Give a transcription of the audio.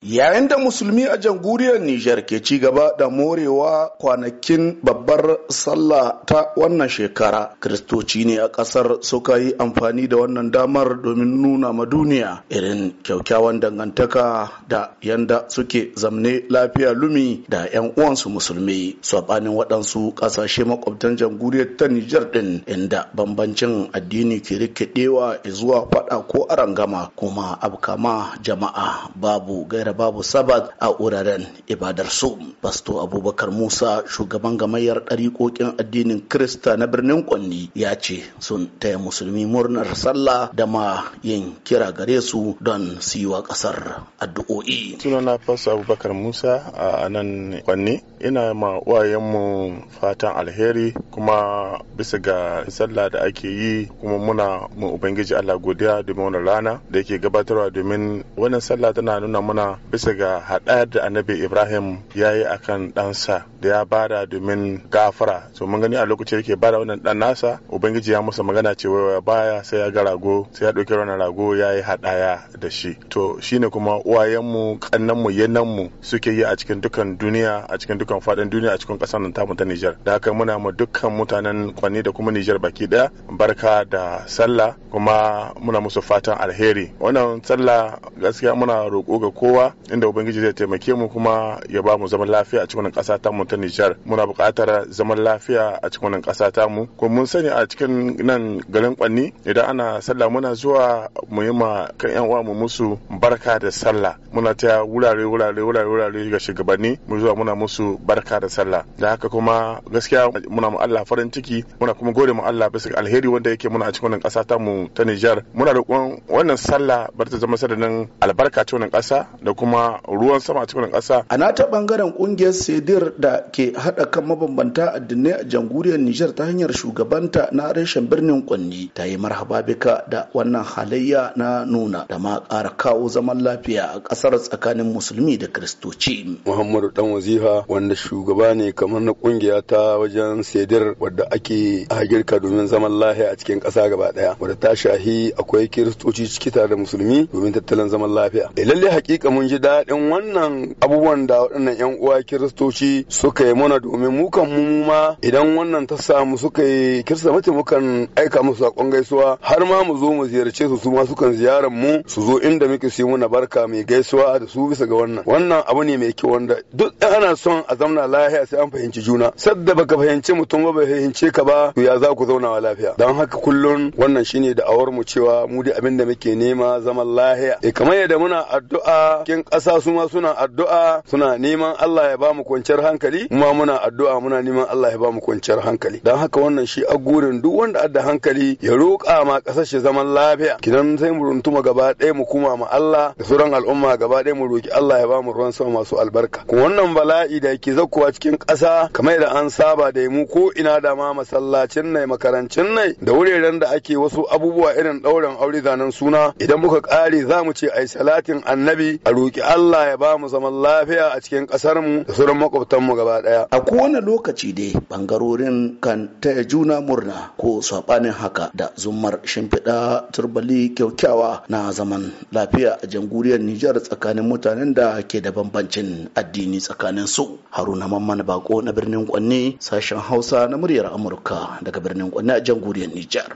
Yayin da musulmi a jamhuriyar Nijar ke ci gaba da morewa kwanakin babbar sallah ta wannan shekara, Kiristoci ne a ƙasar suka yi amfani da wannan damar domin nuna ma duniya irin kyaukyawan dangantaka da yanda suke zamne lafiya lumi da 'yan uwansu musulmi, saɓanin waɗansu ƙasashe makwabtan jamhuriyar ta Nijar ɗin inda bambancin addini ke rikidewa zuwa faɗa ko arangama kuma abkama jama'a babu gaira da babu sabat a wuraren ibadar su pasto abubakar musa shugaban gamayyar ɗariƙoƙin addinin krista na birnin kwanni ya ce sun taya musulmi murnar sallah da ma yin kira gare su don siwa ƙasar addu'o'i sunana pasto abubakar musa a nan kwanni ina ma uwayenmu fatan alheri kuma bisa ga sallah da ake yi kuma muna mu ubangiji allah godiya da wannan rana da yake gabatarwa domin wannan sallah tana nuna muna bisa ga haɗar da annabi ibrahim ya yi a kan ɗansa da ya bada domin gafara so mun gani a lokacin yake bada wannan ɗan nasa ubangiji ya musa magana cewa baya sai ya ga rago sai ya ɗauki wannan rago ya yi haɗaya da shi to shine kuma uwayenmu ƙannenmu yananmu suke yi a cikin dukan duniya a cikin dukan faɗin duniya a cikin ƙasar nan tamu ta Nijar da haka muna ma dukkan mutanen kwanni da kuma Nijar baki ɗaya barka da sallah kuma muna musu fatan alheri wannan sallah gaskiya muna roƙo ga kowa inda ubangiji zai taimake mu kuma ya ba mu zaman lafiya a cikin wannan ƙasa ta mu ta Nijar muna buƙatar zaman lafiya a cikin wannan ƙasa ta mu ko mun sani a cikin nan garin Kwanni idan ana sallah muna zuwa mu yi ma kan yan uwa mu musu barka da sallah muna ta wurare wurare wurare wurare ga shugabanni mu zuwa muna musu barka da sallah da haka kuma gaskiya muna mu Allah farin ciki muna kuma gode mu Allah bisa alheri wanda yake muna a cikin wannan ƙasa ta mu ta Nijar muna roƙon wannan sallah bar ta zama sadarin albarka ta wannan ƙasa da kuma ruwan sama cikin ƙasa. A nata bangaren kungiyar Sedir da ke haɗa kan mabambanta addinai a jamhuriyar Nijar ta hanyar shugabanta na reshen birnin Kwanni ta yi marhaba bika da wannan halayya na nuna da ma ƙara kawo zaman lafiya a ƙasar tsakanin musulmi da kiristoci. Muhammadu Dan Wazifa wanda shugaba ne kamar na kungiya ta wajen Sedir wadda ake girka domin zaman lafiya a cikin ƙasa gaba ɗaya wadda ta shahi akwai kiristoci ciki da musulmi domin tattalin zaman lafiya. Eh, lallai hakika mun ji daɗin wannan abubuwan da waɗannan 'yan uwa kiristoci suka yi mana domin mu kan mu ma idan wannan ta samu suka yi kirsimeti mukan aika musu saƙon gaisuwa har ma mu zo mu ziyarce su su ma sukan ziyarar mu su zo inda muke su muna barka mai gaisuwa da su bisa ga wannan wannan abu ne mai kyau wanda duk ana son a zamna lafiya sai an fahimci juna sadda baka fahimci mutum ba bai fahimce ka ba to ya za ku zauna wa lafiya don haka kullun wannan shine da awar mu cewa mu dai abin da muke nema zaman lafiya eh kamar yadda muna addu'a bakin ƙasa su ma suna addu'a suna neman Allah ya ba mu kwanciyar hankali kuma muna addu'a muna neman Allah ya ba mu kwanciyar hankali dan haka wannan shi a gurin duk wanda adda hankali ya roƙa ma ƙasar shi zaman lafiya kidan sai mu runtuma gaba ɗaya mu kuma ma Allah da sauran al'umma gaba ɗaya mu roki Allah ya ba mu ruwan sama masu albarka ko wannan bala'i da yake zakkuwa cikin ƙasa kamar da an saba da mu ko ina da ma masallacin nai makarancin nai da wuraren da ake wasu abubuwa irin ɗaurin aure zanen suna idan muka ƙare za mu ce ai salatin annabi a roki Allah ya ba mu zaman lafiya a cikin ƙasar mu da sauran makwabtan mu gaba ɗaya. a kowane lokaci dai bangarorin kan taya juna murna ko saɓanin haka da zumar, shimfiɗa turbali kyaukyawa na zaman lafiya a jamhuriyar Nijar tsakanin mutanen da ke da bambancin addini tsakanin su Haruna Mamman Bako na birnin Kwanne sashen Hausa na muryar Amurka daga birnin Kwanne a jamhuriyar Nijar